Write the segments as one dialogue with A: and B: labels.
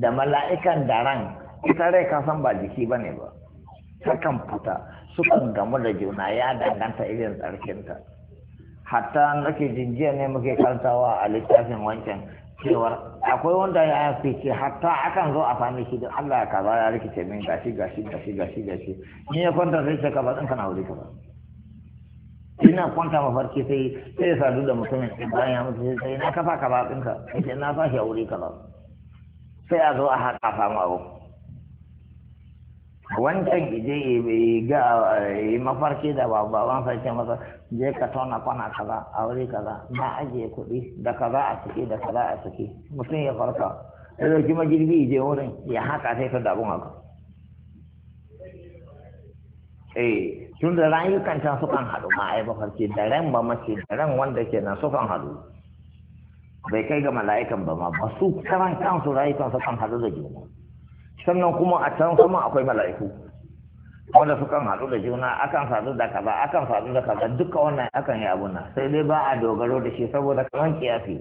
A: da mala'ikan da ran ita rai ka san ba jiki ba ne ba takan fita sukan gamu da juna ya danganta irin tsarkinta hatta nake jinjiya ne muke kantawa a littafin wancan cewar akwai wanda ya fice hatta akan zo a sami shi don Allah ka ba ya rikice min gashi gashi gashi gashi gashi ni ya kwanta sai ce ka ba ɗinka na wuri ka ba ina kwanta mafarki sai sai ya sadu da mutumin bayan ya mutu sai na kafa ka ba ɗinka sai na fashi a wuri ka ba sai a zo a haƙa samu abu wancan ije ga mafarki da wani sarki masa je ka tona kwana kaza a wuri kaza na ajiye kuɗi da kaza a ciki da kaza a ciki mutum ya farka ya dauki magirbi je wurin ya haƙa sai ka dabun haka eh tun da rayukan can sukan haɗu ma ai mafarki da ran ba mace da ran wanda ke nan sukan haɗu bai kai ga mala'ikan ba ma ba su karan kansu rayukan su kan hadu da juna sannan kuma a can sama akwai mala'iku wanda su kan hadu da juna akan sadu da kaza akan sadu da kaza duka wannan akan yi abuna sai dai ba a dogaro da shi saboda kaman kiyasi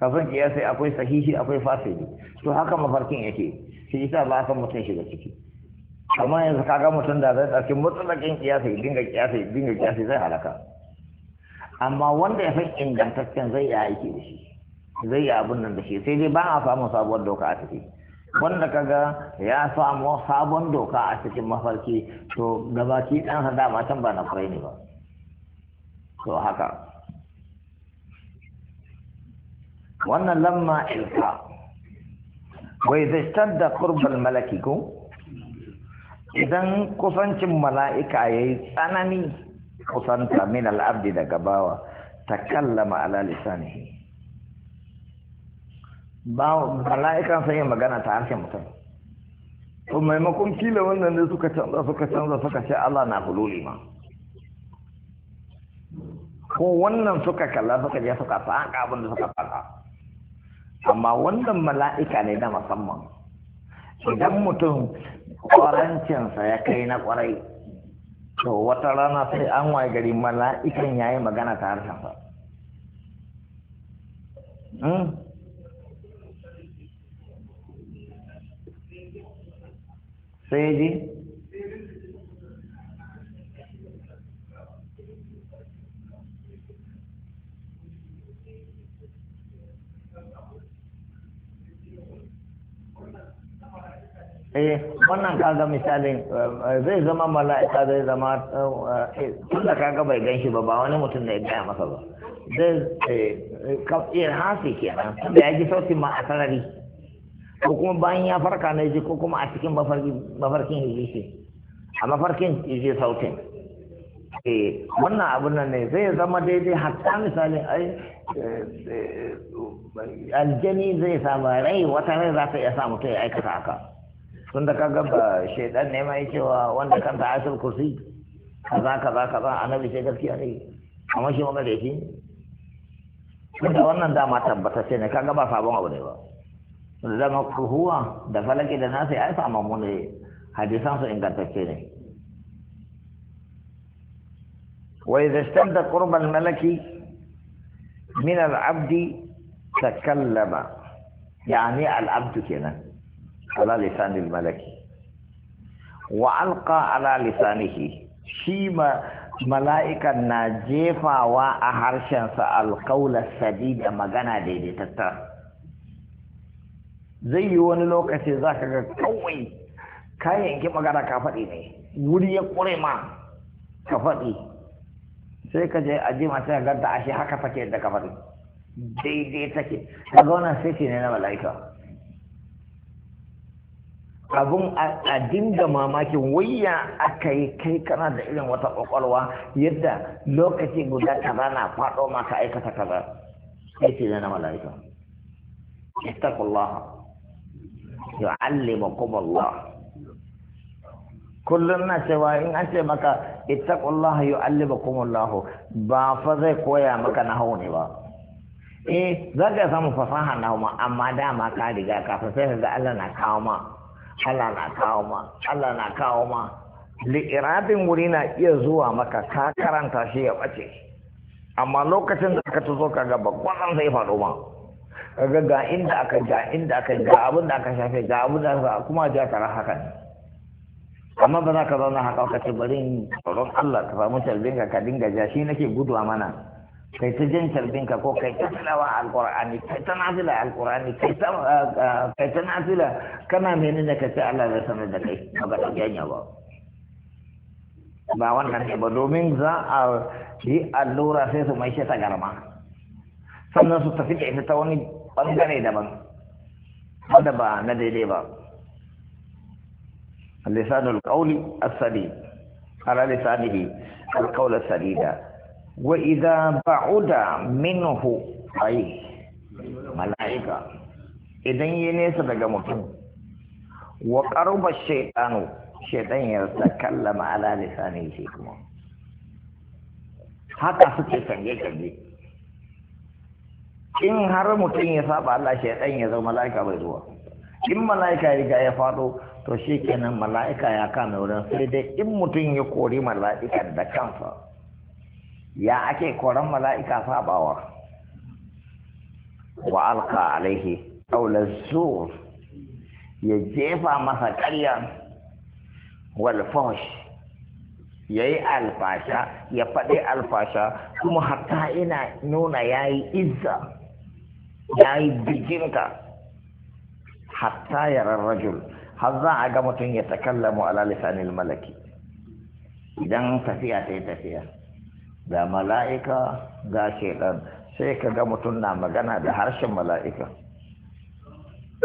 A: kafin kiyasi akwai sahihi akwai fasidi to haka mafarkin yake shi yasa ba san mutum shiga ciki amma yanzu kaga mutum da zai ɗauki mutsalakin kiyasi dinga kiyasi dinga kiyasi zai halaka amma wanda ya fi ingantaccen zai iya aiki da shi zai iya abin nan da shi sai dai ba a samu sabuwar doka a ciki wanda kaga ya samu sabon doka a cikin mafarki to gabaki ɗansa dama can ba na kurai ne ba to haka wannan lamma ilka wai zai da kurbal malaki ko idan kusancin mala'ika ya yi tsanani kusanta min al'abdi daga bawa kallama ala lisanihi bawa mala'ikan sai magana ta harshen mutum to maimakon kila wannan ne suka canza suka canza suka ce Allah na hululi ma ko wannan suka kalla suka je suka faɗa abin da suka faɗa amma wannan mala'ika ne na musamman idan mutum kwarancinsa ya kai na kwarai to wata rana sai an waye gari mala'ikan ya yi magana ta harshen hmm? sai ji eh wannan kaga misalin eh, zai zama mala'ika zai zama eh, eh, tun da kaga bai gan shi ba ba wani mutum da ya gaya masa ba zai kafin hasi kenan tunda ya ji sautin ma a sarari ko kuma bayan ya farka na ji ko kuma a cikin mafarkin ya ji shi a mafarkin ya ji sautin eh wannan abun nan ne zai zama daidai hatta misalin ai aljani zai samu rai wata rai za ta iya sa mutum ya aikata haka tun da kaga ba shaidan ne mai cewa wanda kanta asir kursi kaza kaza kaza annabi sai gaskiya ne amma shi wanda da Wannan da wannan dama sai ne kaga ba sabon abu ne ba da dama kuhuwa da falaki da nasi ai samu mu ne hadisan su ingantacce ne wa idza istamda qurban malaki min al-abdi takallama yani al-abdu kenan ala lisanil malaki wa alqa ala lisanihi shi mala'ikan na jefawa a harshensa alƙaular sadida magana daidaitatta zai yi wani lokaci za ka ga kawai kayan yanki magana ka faɗi ne wuri ya ƙure ma ka faɗi sai ka je a jima sai ganta ashe haka take da ka faɗi daidai take ka ga sai ne na mala'ika Abin a dinga mamakin wayya aka yi kai kana da irin wata kwakwalwa yadda lokaci guda kaza na faɗo maka aikata kaza sai ce na mala'ika ittaqullah kuma Allah kullum na cewa in an ce maka ittaqullah kuma Allah ba fa zai koya maka na hau ne ba eh zaka samu fasaha nahawu amma dama ka riga ka sai ka ga Allah na kawo ma Allah na kawo ma Allah na kawo ma li'irabin wuri na iya zuwa maka ka karanta shi ya bace amma lokacin da ka tuzo ka ga bakwan zai faɗo ma kaga ga inda aka ga inda aka ga abin da aka shafe ga abin da aka kuma ja kara haka ne amma ba za ka zauna haka ka ce bari tsoron Allah ka samu talbin ka ka dinga ja shi nake gudu mana kai ta jin kalbinka ko kai ta tilawa alqur'ani kai ta nazila alqur'ani kai ta eh, eh, kai ta nazila kana menene ka ce Allah zai sanar da kai ba ka janya ba ba wannan ne ba domin za a yi allura sai su mai ta garma sannan su tafi da ita ta wani bangare daban wanda ba na daidai ba lisanul qawli as-sadid ala lisanihi al-qawl as-sadida wa idza ba'uda minhu ay malaika idan yi nesa daga mutum wa qarba shaytanu shaytan ya takallama ala lisani shi kuma haka suke canje canje in har mutum ya saba Allah shaytan ya zama malaika bai zuwa in malaika ya ga ya fado to shi kenan mala'ika ya kame wurin sai dai in mutum ya kori malaika da kansa ya ake koran mala'ika sabawa wa alka alaihi ƙaular ya jefa masa ƙarya walfosh ya yi alfasha ya faɗi alfasha kuma hatta ina nuna ya yi izza ya yi bikinka hatta ya rarrajul har za a ga mutum ya takallamu alalisanin lisanil malaki idan tafiya ta yi tafiya da mala'ika ga shaidan sai ka ga mutum na magana da harshen mala'ika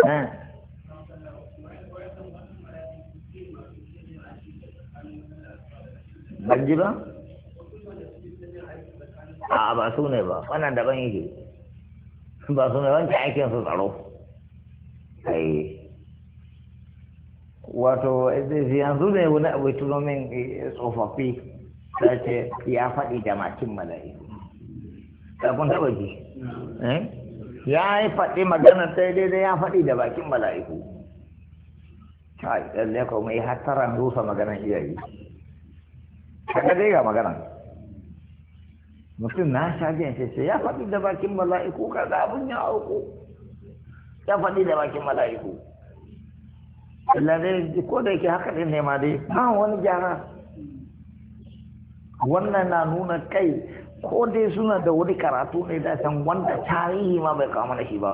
A: eh? ban ji ba? a ba su ne ba wannan daban yake ba su ne wancan aikin su tsaro ai wato eh, yanzu ne wani abu tunomin eh, tsofaffi sace ya faɗi jama'atin mala'iku ɗafin taɓa ji eh? ya yi faɗi magana sai daidai ya faɗi da bakin mala'iku kai lalle ko mai hattaran rusa maganan iyaye kaga dai ga maganan mutum na sha biyan sai ya faɗi da bakin mala'iku ka ga abin ya auku ya faɗi da bakin mala'iku lalle ko da yake haka ɗin ne ma dai ba wani gyara wannan na nuna kai ko dai suna da wani karatu ne da san wanda tarihi ma bai kama da shi ba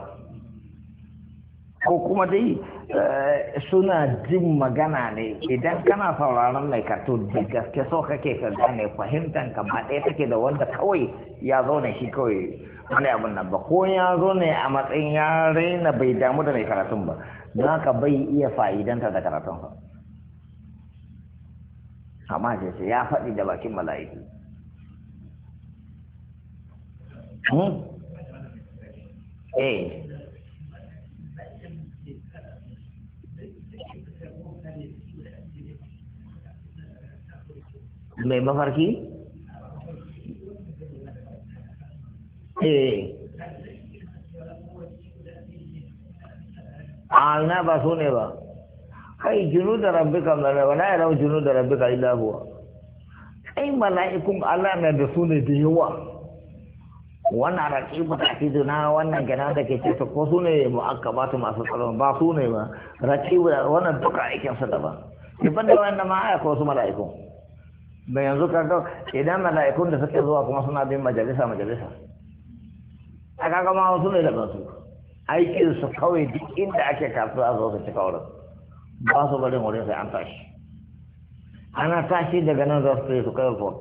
A: ko kuma dai eh, suna jin magana ne idan kana sauraron mai karto da gaske so kake ka gane fahimtan ka ba ɗaya take da wanda kawai ya zo ne shi kawai wani abin nan ba ko ya zo ne a matsayin ya raina bai damu da mai karatun ba don haka bai iya fa'idanta da karatunsa amma ce ya faɗi da bakin mala'iku hmm? eh mai mafarki? eh a ina ba so ne ba kai junu da rabbika wala ya rawu junu da rabbika illa huwa ai mala'ikun Allah ne da su ne da yawa wannan raƙibu ta fi na wannan gana da ke ce ko su ne ta masu tsaron ba su ne ba raƙibu da wannan duka da ba daban da wannan ma aya ko su mala'iku da yanzu ka ga idan mala'ikun da suke zuwa kuma suna bin majalisa majalisa a kaga ma wasu ne ba su aikin su kawai duk inda ake kasuwa zo su cika wurin ba su barin wurin sai an tashi ana tashi daga nan za su yi su kai fort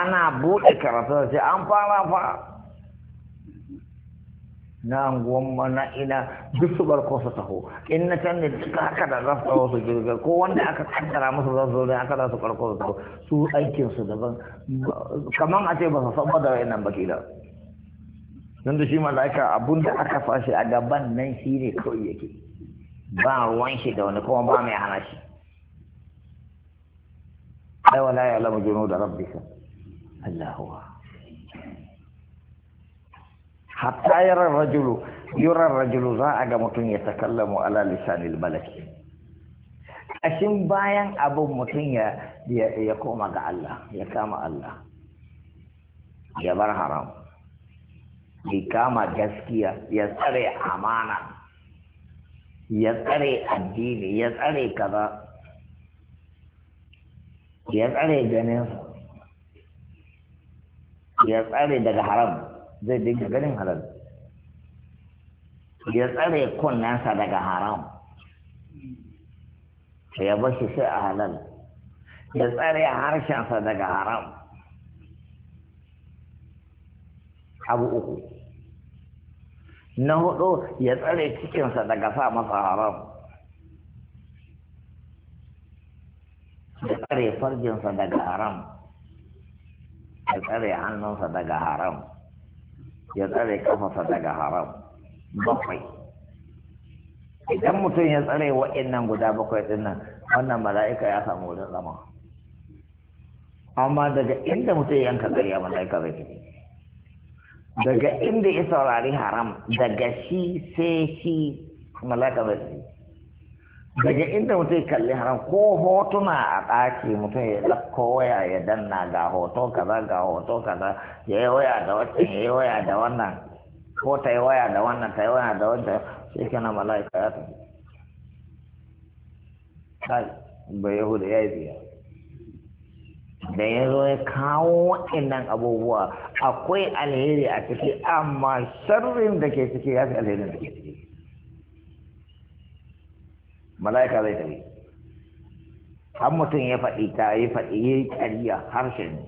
A: ana buɗe karatu sai an fara fa na goma na ina duk su barko su taho in na can ne duka haka da za su taho su girgar ko wanda aka kaddara musu za su zo da su karko su taho su aikin su daban kaman a ce ba su san ba da wayannan bakila don da shi mala'ika abun aka fashi a gaban nan shi ne kawai yake ba ruwan shi da wani kuma ba mai hana shi ai wala ya lamu junu da rabbika Allah huwa hatta yara rajulu yura rajulu za a ga mutum ya takallamu ala lisanil malaki kashin bayan abin mutum ya koma ga Allah ya kama Allah ya bar haram ya kama gaskiya ya tsare amana ya tsare addini ya tsare kaza ya tsare ganin ya tsare daga haram zai dinga ganin halal ya tsare kunnensa daga haram ya bashi sai a halal ya tsare harshensa daga haram abu uku na hudu ya tsare cikinsa daga sa masa haram ya tsare farjinsa daga haram ya tsare hannunsa daga haram ya tsare kafasa daga haram bakwai idan mutum ya tsare wa'annan guda bakwai dinnan wannan mala'ika ya samu wurin zama amma daga inda mutum yanka gari ya mala'ika zai daga inda ya saurari haram daga shi sai shi malaka zai daga inda mutum ya kalli haram ko hotuna a ɗaki mutum ya lakko waya ya danna ga hoto kaza ga hoto kaza ya yi waya da wacce ya yi waya da wannan ko ta yi waya da wannan ta yi waya da wancan sai kana malaka ya ta bai yahuda ya yi biya da ya zo ya kawo waɗannan abubuwa akwai alheri a ciki amma sarrin da ke ciki ya fi alherin da ke ciki mala'ika zai tafi har mutum ya faɗi ta ya faɗi ya yi ƙariya harshen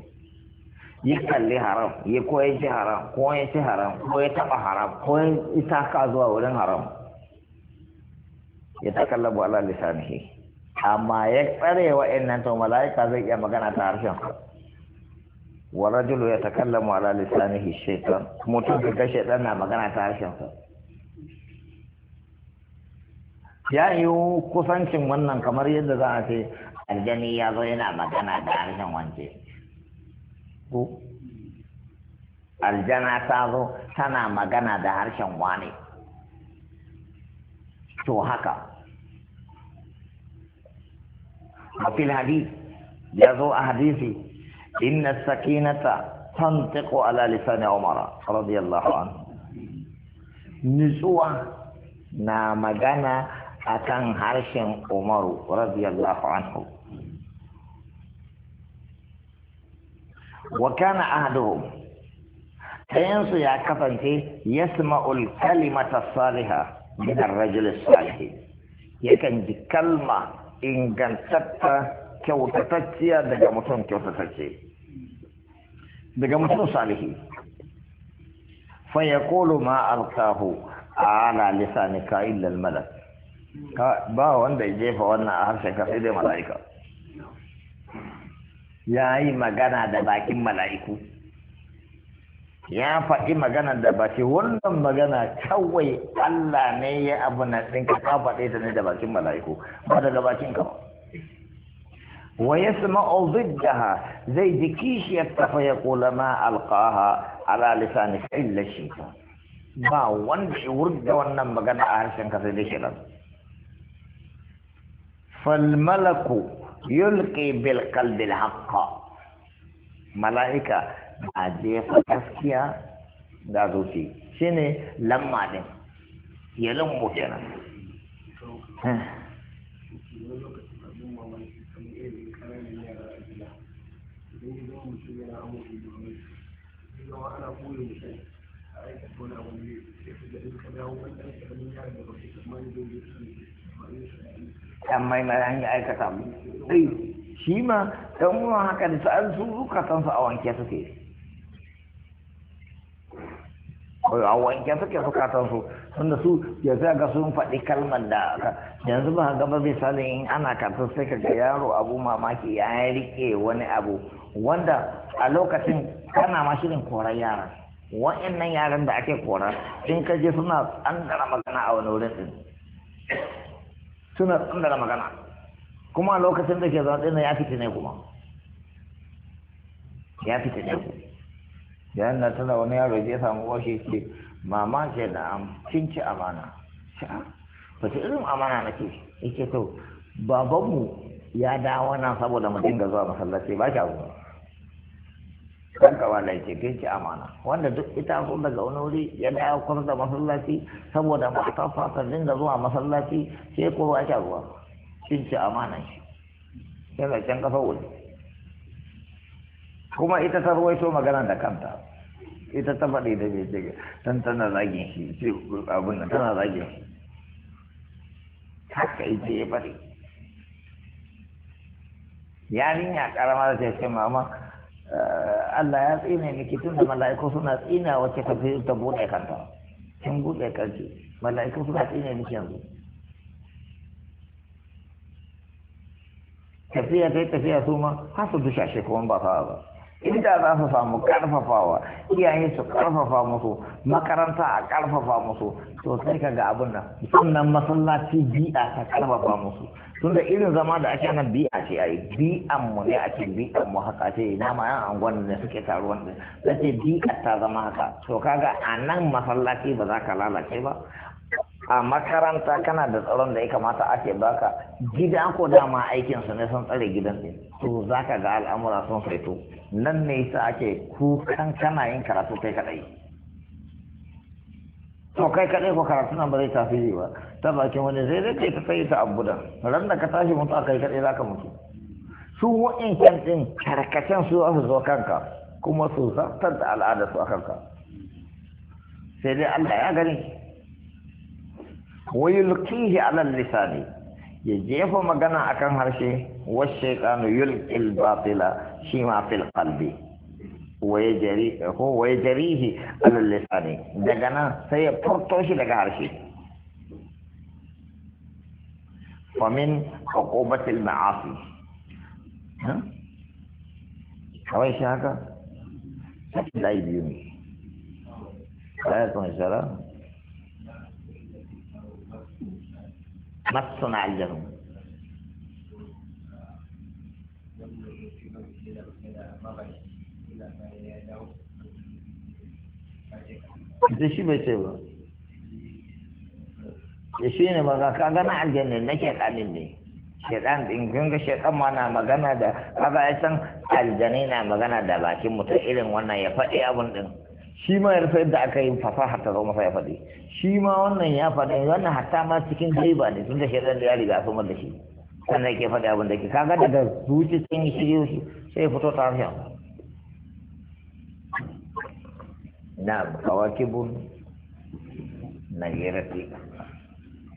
A: ya kalli haram ya ko haram ko ya ci haram ko ya taɓa haram ko ya isa ka zuwa wurin haram ya ta kallabu ala lisanihi amma ya tsare wa'annan to mala'ika zai iya magana ta harshen wa rajulu ya takallamu ala lisanihi shaytan mutum da ga shaytan na magana ta harshen sa ya yi kusancin wannan kamar yadda za a ce aljani ya zo yana magana da harshen wance ko aljana ta zo tana magana da harshen wane to haka وفي الحديث يضوء حديثي إن السكينة تنطق على لسان عمر رضي الله عنه نزوة نامغانا أكان حرش عمر رضي الله عنه وكان أحدهم تينسو يا كفنتي يسمع الكلمة الصالحة من الرجل الصالح يكن كلمة ingantatta kyautatacciya daga mutum kyautatacce daga mutum salihi fa kolo ma a ala lisanika ka illal malak ba wanda ya jefa wannan a harshen ka sai dai mala'ika Ya yi magana da bakin mala'iku ya faɗi magana da baki wannan magana kawai Allah ne ya abu na ɗinka ka faɗe ta ne da bakin mala'iku ba daga bakin ka ba wa yasma'u ziddaha zai ji kishiyar ta fa yaqula ma alqaha ala lisani illa shaytan ba wanda ya wurda wannan magana a harshen ka sai dai shaytan fal malaku yulqi bil mala'ika a jefa gaskiya da zuci shi ne lamma din yalin mu kenan eh. amma mai hanyar aikata mu shi ma ɗan uwan haka da sa'an su suka san su a wanke suke akwai a wanke suke bukatan su Wanda su yanzu ga sun faɗi kalmar da yanzu ba ga ba misalin in ana karatu sai ka ga yaro abu mamaki ya rike wani abu wanda a lokacin kana ma shirin koran yaran wa'annan yaran da ake kora in ka je suna tsandara magana a wani wurin din suna tsandara magana kuma lokacin da ke na ya ne kuma ya ne kuma yayin da tana wani yaro ya samu washe ce mama ce da kin ci amana ah, ba ta irin amana nake yake to babanmu ya dawo na saboda mu dinga zuwa masallaci ba ki abu kan kawa da yake kin ci amana wanda duk ita so daga wani wuri ya dawo kwar da masallaci saboda mata fata dinga zuwa masallaci sai ko ba ki abu kin ci amana shi yana can kafa wuri kuma ita ta ruwaito magana da kanta ita ta faɗi da ke ce tan tana zagin shi sai abin da tana zagin shi haka ita ya faɗi ya karama da ta ce mama eh, Allah ya tsine miki tun da mala'iku suna tsina wacce ta fi ta buɗe kanta kin buɗe kanki mala'iku suna tsine miki yanzu tafiya ta yi tafiya su ma har su dushashe kuma ba fa ba inda za su samu karfafawa iyaye su karfafa musu makaranta a karfafa musu to sai ka ga abin nan sannan masallaci bi'a ta karfafa musu Tun da irin zama da ake nan bi'a ce yi bi'an mu ne ake bi'an mu haka ce ina ma yan angon ne suke taruwan ne sai bi'a ta zama haka to kaga a nan masallaci ba za ka lalace ba a makaranta kana da tsaron da ya kamata ake baka gida ko dama aikin su ne sun tsare gidan din to zaka ga al'amura sun saito nan ne yasa ake kukan kana yin karatu kai kadai to kai kadai ko karatu nan ba zai tafi ba ta bakin wani zai zai kai ta sai ta da ran da ka tashi mutu a kai kadai zaka mutu su wa'in kan din karkashin su su zo kanka kuma su zartar da al'adar a kanka sai dai Allah ya gani ويلقيه على اللسان يجيف مغنى أكن هرشي والشيطان يلقي الباطل شيما في القلب ويجري هو ويجريه على اللسان دغنا سي سيفرطوش دغ هرشي فمن عقوبة المعاصي ها هو شاكا لا يبيوني لا يكون masana aljanu da shi bai ce ba da shi ne maza ka gana aljanna na shaɗanin ne shaɗan ɗin ganga shaɗan ma na magana da kaga ya san aljanai na magana da bakin mutum irin wannan ya faɗi abun ɗin shi ma ya yadda aka yi fasaha ta zama ya faɗi shi ma wannan ya faɗi wannan hatta ma cikin gaiba ne tun da shi da ya riga su da shi sannan yake faɗi abin da ke kaga daga zuci sun yi shirye shi sai fito ta harshen na kawakibun na yi rafi